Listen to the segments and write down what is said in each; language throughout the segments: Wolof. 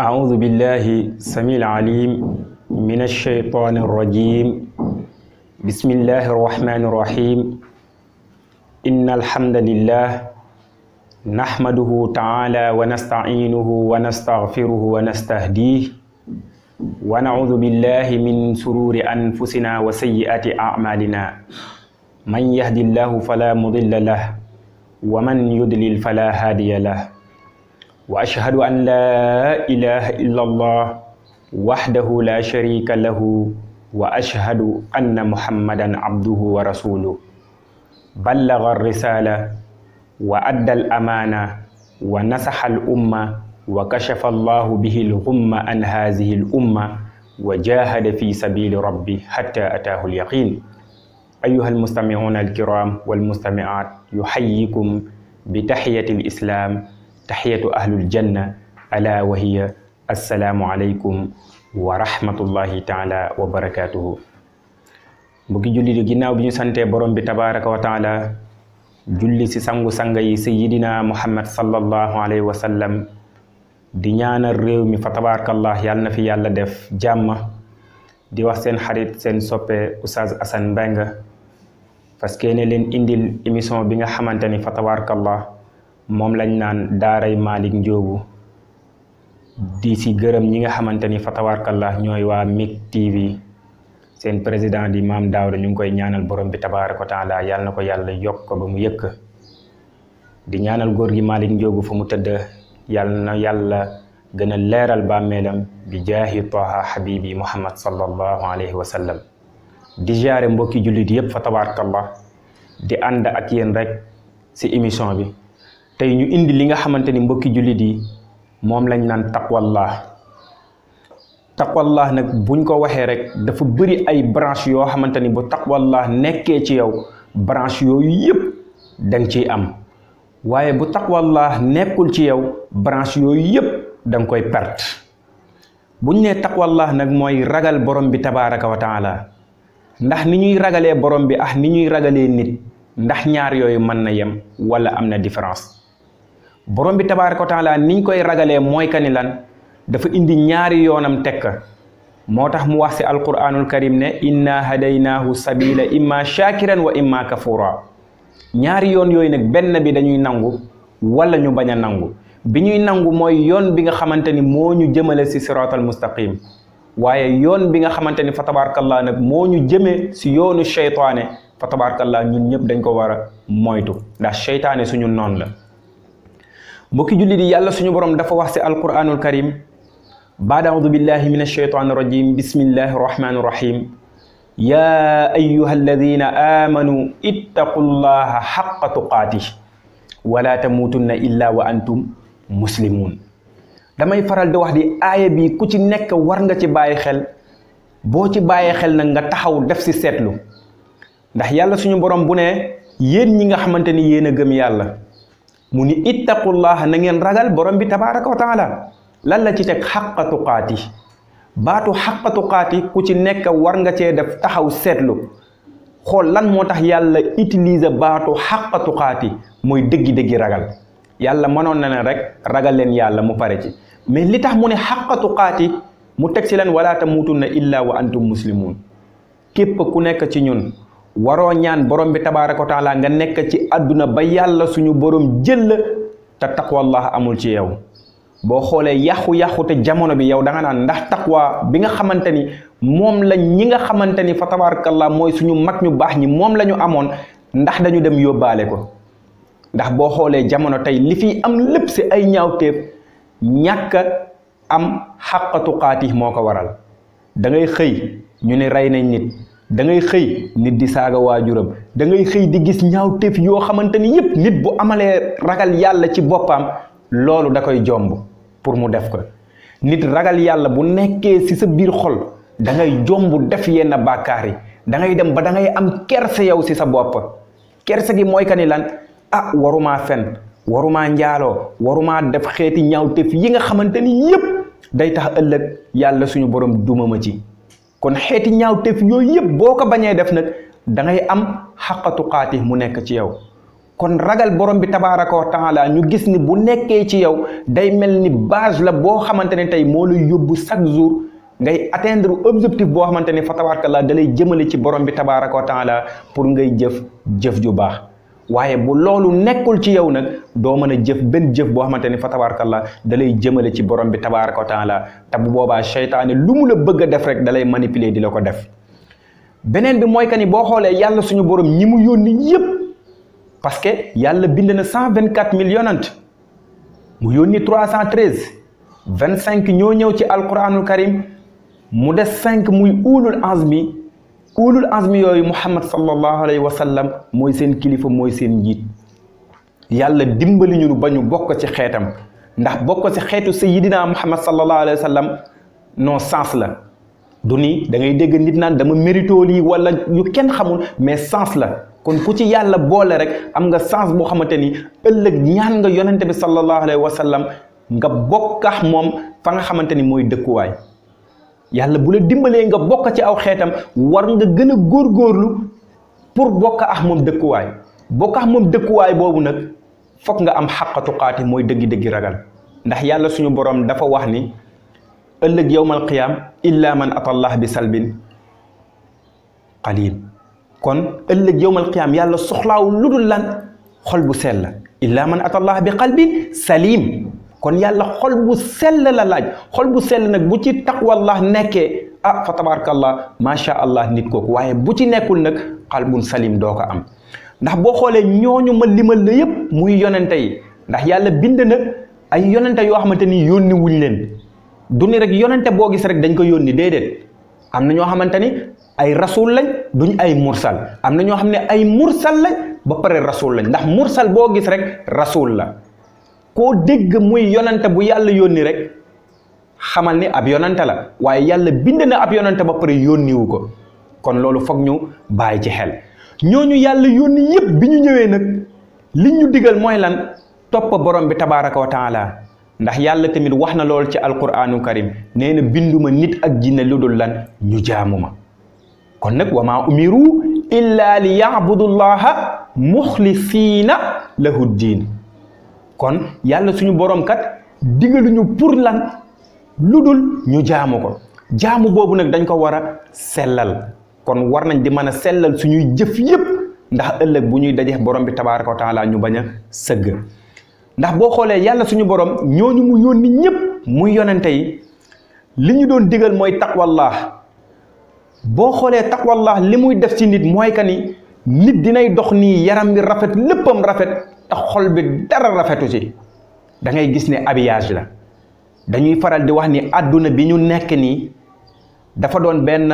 أعوذ بالله سميع العليم من الشيطان الرجيم بسم الله الرحمن الرحيم إن الحمد لله نحمده تعالى ونستعينه ونستغفره ونستهديه ونعوذ بالله من سرور أنفسنا وسيئات أعمالنا من يهد الله فلا مضل له ومن يضلل فلا هادي له وأشهد أن لا إله إلا الله وحده لا شريك له وأشهد أن محمدا عبده ورسوله بلغ الرسالة وأدى الأمانة ونصح الأمة وكشف الله به الغم عن هذه الأمة وجاهد في سبيل ربه حتى أتاه اليقين أيها المستمعون الكرام والمستمعات يحييكم بتحية الإسلام taxiyatu ahlul janna ala wa hiya assalaamu wa rahmatullahi taala wa barakaatuhu mbokki julli di ginnaaw bi ñu santee borom bi tabaraka wa taala julli si sangu-sanga yi sayidina muhammad sallallahu alayhi wa sallam di ñaanal réew mi fa tabarakallah yàlla na fi yàlla def jàmm di wax seen xarit seen soppe Oustaz Assane Mbengue parce ne leen indil émission bi nga xamante ni fa tabarakallah moom lañ naan daaray Malick Ndiobou di si gërëm ñi nga xamante ni fatawarkallah ñooy waa MIK TV seen président di maam Daawda ñu ngi koy ñaanal borom bi tabaaraka taala na ko yàlla yokk ko ba mu yëkk di ñaanal góor gi Malick Ndiobou fa mu tëdd yàlla na yàlla gën a leeral bàmmeelam bi jaahi Taaha Habibi Muhammad sallallahu alayhi wa di jaare mbokki jullit yëpp fatawarkallah di ànd ak yéen rek ci émission bi. tay ñu indi li nga xamanteni ni mbokki jullit yi mom lañ naan taqwallah taqwallah nag buñ ko waxee rek dafa bëri ay branche yo xamanteni bu taqwallah nekké ci yow branche yo yépp dang ci am waaye bu taqwallah nekkul ci yow branche yo yépp dang koy perte buñ né taqwallah nag moy ragal borom bi tabaraka wa taala ndax ni ñuy ragalé borom bi ah ni ñuy ragalé nit ndax ñaar yooyu man na yem wala amna différence borom bi tabaaraka wa taala niñ koy ragalee mooy ka ni lan dafa indi ñaari yoonam tekk moo tax mu wax si alquraanul karim ne inna hadaynaahu sabila imma shakiran wa imma kafura ñaari yoon yooyu nag benn bi dañuy nangu wala ñu bañ a nangu bi ñuy nangu mooy yoon bi nga xamante ni moo ñu jëmale si siraatal mustaqim waaye yoon bi nga xamante ni fa tabaarkallaa nag moo ñu jëmee si yoonu seytaane fa tabaarkallaa ñun ñëpp dañ ko war a moytu ndax seytaane suñu noonu la mbokki julli di yàlla suñu borom dafa wax si alquranul karim baad audu billahi min alsheytaan irajim bismillahi irrahmani irrahim ya ayuha alladina aamanu ittaqu llaha xaqa tuqaatih wala tamuutunna illa wa antum muslimun damay faral di wax di aaya bi ku ci nekk war nga ci bàyyi xel boo ci bàyyi xel nag nga taxaw def si seetlu ndax yàlla suñu borom bu ne yéen ñi nga xamante ni yéen a gëm yàlla mu ni ittaqullaha na ngeen ragal borom bi tabaraka wa taala lan la ci teg xaqa tuqaati baatu xaqa tuqaati ku ci nekk war nga cee def taxaw seetlu xool lan moo tax yàlla utiliser baatu xaqa tuqaati mooy dëggi-dëggi ragal yàlla mënoon na ne rek ragal leen yàlla mu pare ci mais li tax mu ne xaqa tuqaati mu teg ci leen wala na illa wa antum muslimun képp ku nekk ci ñun waroo ñaan borom bi tabaaraka wa taala nga nekk ci àdduna ba yàlla suñu borom jël la te taqwallah amul ci yow boo xoolee yàqu-yàqu te jamono bi yow danga naan ndax taqwa bi nga xamante ni moom la ñi nga xamante ni fa tabaarakallah mooy suñu mag ñu baax ñi moom la ñu amoon ndax dañu dem yóbbaale ko ndax boo xoolee jamono tey li fi am lépp si ay ñaawteef ñàkk am xàqatuqaati moo ko waral da xëy ñu ne rey nañ nit. da ngay xey nit di saga wajuram da ngay xey di gis ñaawteef yoo xamante ni nit bu amale ragal yalla ci bopam lolu da koy jomb pour mu def ko nit ragal yalla bu nekké ci sa bir xol da ngay jomb def yena bakari da ngay dem ba da ngay am kerse yow ci sa bop kerse gi moy ka lan ah waruma fen Waruma njaalo Waruma def xeeti ñaawteef yi nga xamanteni yep day tax ëlëk yalla suñu borom duma ma ci kon xeeti ñaawteef yooyu yëpp boo ko bañee def nag da ngay am xaqatuqaati mu nekk ci yow kon ragal borom bi tabaaraka wa taala ñu gis ni bu nekkee ci yow day mel ni base la boo xamante ne tey moo lay yóbbu chaque jour ngay atteindre objectif boo xamante ne fa tabaaraka la da lay jëmale ci borom bi tabaaraka wa taala pour ngay jëf jëf ju baax waaye bu loolu nekkul ci yow nag doo mën a jëf benn jëf boo xamante ni fa tabarakallah da lay jëmale ci borom bi tabaraka taala te bu boobaa seytaane lu mu la bëgg a def rek da lay manipuler di la ko def beneen bi mooy que ni boo xoolee yàlla suñu borom ñi mu yónni yëpp parce que yàlla bind na cent vingt quatre mille mu yónni trois cent treize vingt cinq ñoo ñëw ci alquranul karim mu des cinq muy uulul ange bi ulul azmi yooyu muhammad sallallahu alayhi wasallam moy sen kilifa moy sen njit yàlla dimbali ñu bañu ñu bokk ci xeetam ndax bokk ci xeetu sayyidina muhammad sallallahu alayhi wasallam no sens la du ni da ngay dégg nit naan dama mérito li wala yu kenn xamul mais sens la kon ku ci yàlla boole rek am nga sens bo xamanteni ni ëllëg ñaan nga yonente bi sallallahu alayhi wasallam nga bokkax mom fa nga xamanteni moy dekkuway dëkkuwaay yàlla bu la dimbalee nga bokk ci aw xeetam war nga gën a góorlu pour bokk ak moom dëkkuwaay bokk ak moom dëkkuwaay boobu nag foog nga am xaqatu xaati mooy dëggi-dëggi ragal ndax yàlla suñu boroom dafa wax ni ëllëg yowmal qiyaam illa man atallah bi salbin qalil kon ëllëg yowmal qiyaam yàlla soxlaaw lu dul lan xol bu sell la illa man atallah bi qalbin salim kon yàlla xol bu sell la laaj xol bu sell nag bu ci taqwallah nekkee ah fa tabarakallah macha allah nit kooku waaye bu ci nekkul nag xalbun salim doo ko am ndax boo xoolee ñooñu ma limal la yëpp muy yonente yi ndax yàlla bind na ay yonente yoo xamante ni yónni wuñ leen du ni rek yonente boo gis rek dañ ko yónni déedéet am na ñoo xamante ni ay rasul lañ duñ ay mursal am na ñoo xam ne ay mursal lañ ba pare rasul lañ ndax mursal boo gis rek rasul la ko dégg muy yonante bu yàlla yónni rek xamal ni ab yonante la waaye yàlla bind na ab yonante ba pare yónniwu ko kon loolu foog ñu bàyyi ci xel ñooñu yàlla yónni yépp bi ñu ñëwee nag li ñu digal mooy lan topp borom bi tabaaraka wa taala ndax yàlla tamit wax na lool ci alquraanu karim nee na binduma nit ak jinne lu dul lan ñu jaamu ma kon nag wa maa umiru illa li yaabudullaha muxlisiina lahu ddiin kon yàlla suñu boroom kat digaluñu pour lan lu dul ñu jaamu ko jaamu boobu nag dañ ko war a sellal kon war nañ di mën a sellal suñuy jëf yépp ndax ëllëg bu ñuy dajee borom bi tabaaraka wa taala ñu bañ a sëgg ndax boo xoolee yàlla suñu borom ñooñu mu yónni ñépp muy yonente yi li ñu doon digal mooy taqwallah boo xoolee taqwallah li muy def ci nit mooy que ni nit dinay dox nii yaram bi rafet léppam rafet te xol bi dara rafetu ci da ngay gis ne habillage la dañuy faral di wax ni àdduna bi ñu nekk nii dafa doon benn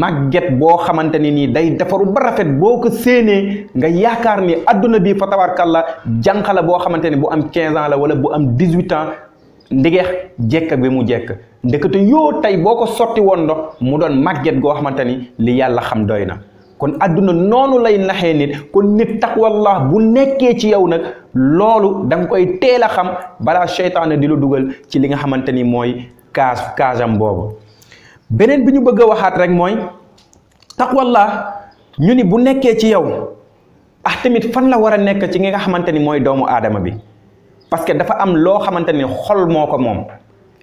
màgget boo xamante ni nii day defaru ba rafet boo ko séenee nga yaakaar ni àdduna bi fa tabarkalla jànq boo xamante ni bu am 15 ans la wala bu am 18 ans ndigeex jekk bi mu jekk ndekete yoo tey boo ko sotti woon ndox mu doon màgget goo xamante ni li yàlla xam doy na. kon àdduna noonu lay naxee nit kon nit taqwallah bu nekkee ci yow nag loolu da nga koy teel a xam balaa seytaane di la dugal ci li nga xamante ni mooy kaas kaasam boobu beneen bi ñu bëgg a waxaat rek mooy tax taqwallah ñu ni bu nekkee ci yow ah tamit fan la war a nekk ci nga xamante ni mooy doomu aadama bi parce que dafa am loo xamante ni xol moo ko moom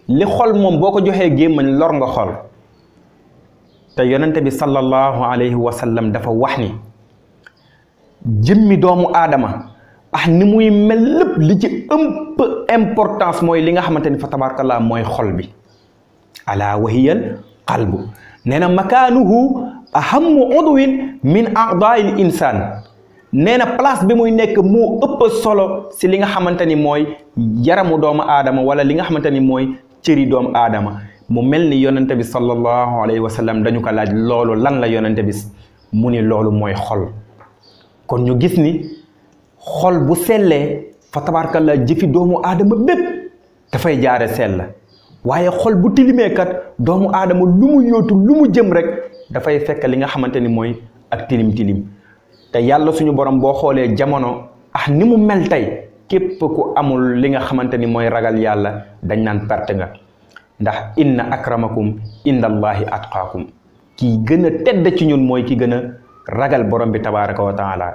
li xol moom boo ko joxee gémmañ lor nga xol te yonente bi sallallahu alayhi wa sallam dafa wax ni jëmmi doomu aadama ah ni muy mel lépp li ci ëmp importance moy li nga xamanteni fa tabarakallah moy xol bi ala wa hiya al qalbu nee makanuhu ahammu udwin min a'dail insaan nee na place bi muy nek mo ëpp solo ci li nga xamanteni moy yaramu doomu aadama wala li nga xamanteni moy ciri doomu aadama mu mel ni yonente bi sallallahu alayhi wa sallam dañu ko laaj loolu lan la yonente bi mu ni loolu mooy xool kon ñu gis ni xol bu sellee fa tabaarkalla jëfi doomu aadama bépp dafay jaare sell waaye xol bu tilimee kat doomu aadama lu mu yóotu lu mu jëm rek dafay fekk li nga xamante ni mooy ak tilim tilim te yàlla suñu borom boo xoolee jamono ah ni mu mel tey képp ku amul li nga xamante ni mooy ragal yàlla dañ naan perte nga ndax inna akramakum inda allahi atqaakum ki gën a tedd ci ñun mooy ki gën a ragal borom bi tabaraka wa taala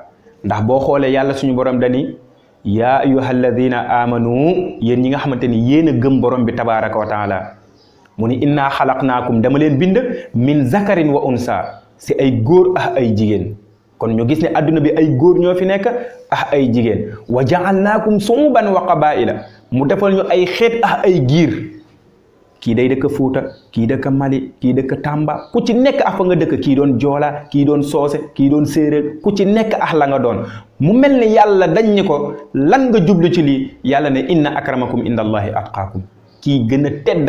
ndax boo xoolee yàlla suñu borom dani yaa ayuha alladina amanu yéen ñi nga xamante ni yéen a gëm borom bi tabaraka wa taala mu ni innaa xalaqnaakum dama leen bind min zakarin wa unsa si ay góor ah ay jigéen kon ñu gis ne adduna bi ay góor ñoo fi nekk ah ay jigéen wa jaalnaakum suuban wa qabaila mu defal ñu ay xeet ah ay giir kii day dëkk Fuuta kii dëkk Mali kii dëkk tàmba ku ci nekk afa nga dëkk kii doon joola kii doon soose kii doon séeréer ku ci nekk ax la doon mu mel ni yàlla dañ ni ko lan nga jublu ci lii yàlla ne inna akramakum inda allahi kii gën a tedd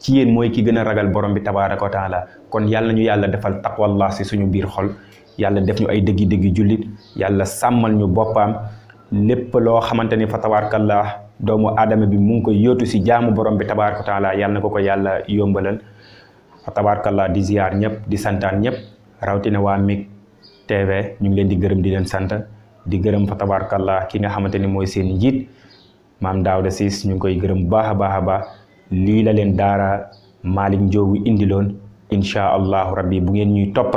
ci yéen mooy ki gën a ragal borom bi tabaraka wa taala kon yàlla ñu yàlla defal taqwallah si suñu biir xol yàlla def ñu ay dëggi dëggi jullit yàlla sàmmal ñu boppam lépp loo xamante ni fa tabaarakallah doomu aadama bi mu ngi koy yootu si jaamu borom bi tabaaraka taala yàlla na ko ko yàlla yombalal tabaarakallah di ziar ñëpp di santaan ñëpp rawatina waa MIG TV ñu ngi leen di gërëm di leen sant di gërëm fa tabaarakallah ki nga xamante ni mooy seen njiit maam Daouda Ciss ñu ngi koy gërëm baax a baax a baax lii la leen daara Malick indi loon incha allahu rabbi bu ngeen ñuy topp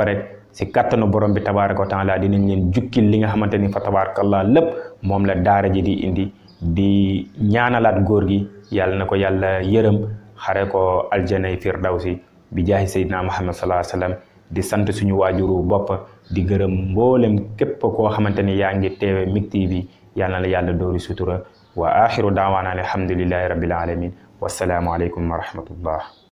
si kattanu borom bi tabaaraka di dinañ leen jukkil li nga xamante ni fa tabaarakallah lépp moom la daara ji di indi. di ñaanalaat góor gi yàlla na ko yàlla yërëm xare ko aljanay firdawsi bi jaahi sayyidina muhammad sallallahu alayhi wasallam di sant suñu waajuru bopp di gërëm mboolem képp koo xamante ni yaa ngi teewe MIK TV yal na la yàlla doori sutura wa axiru daawaana alhamdulillahi rabbil alamin wasalaamu aleykum wa rahmatullah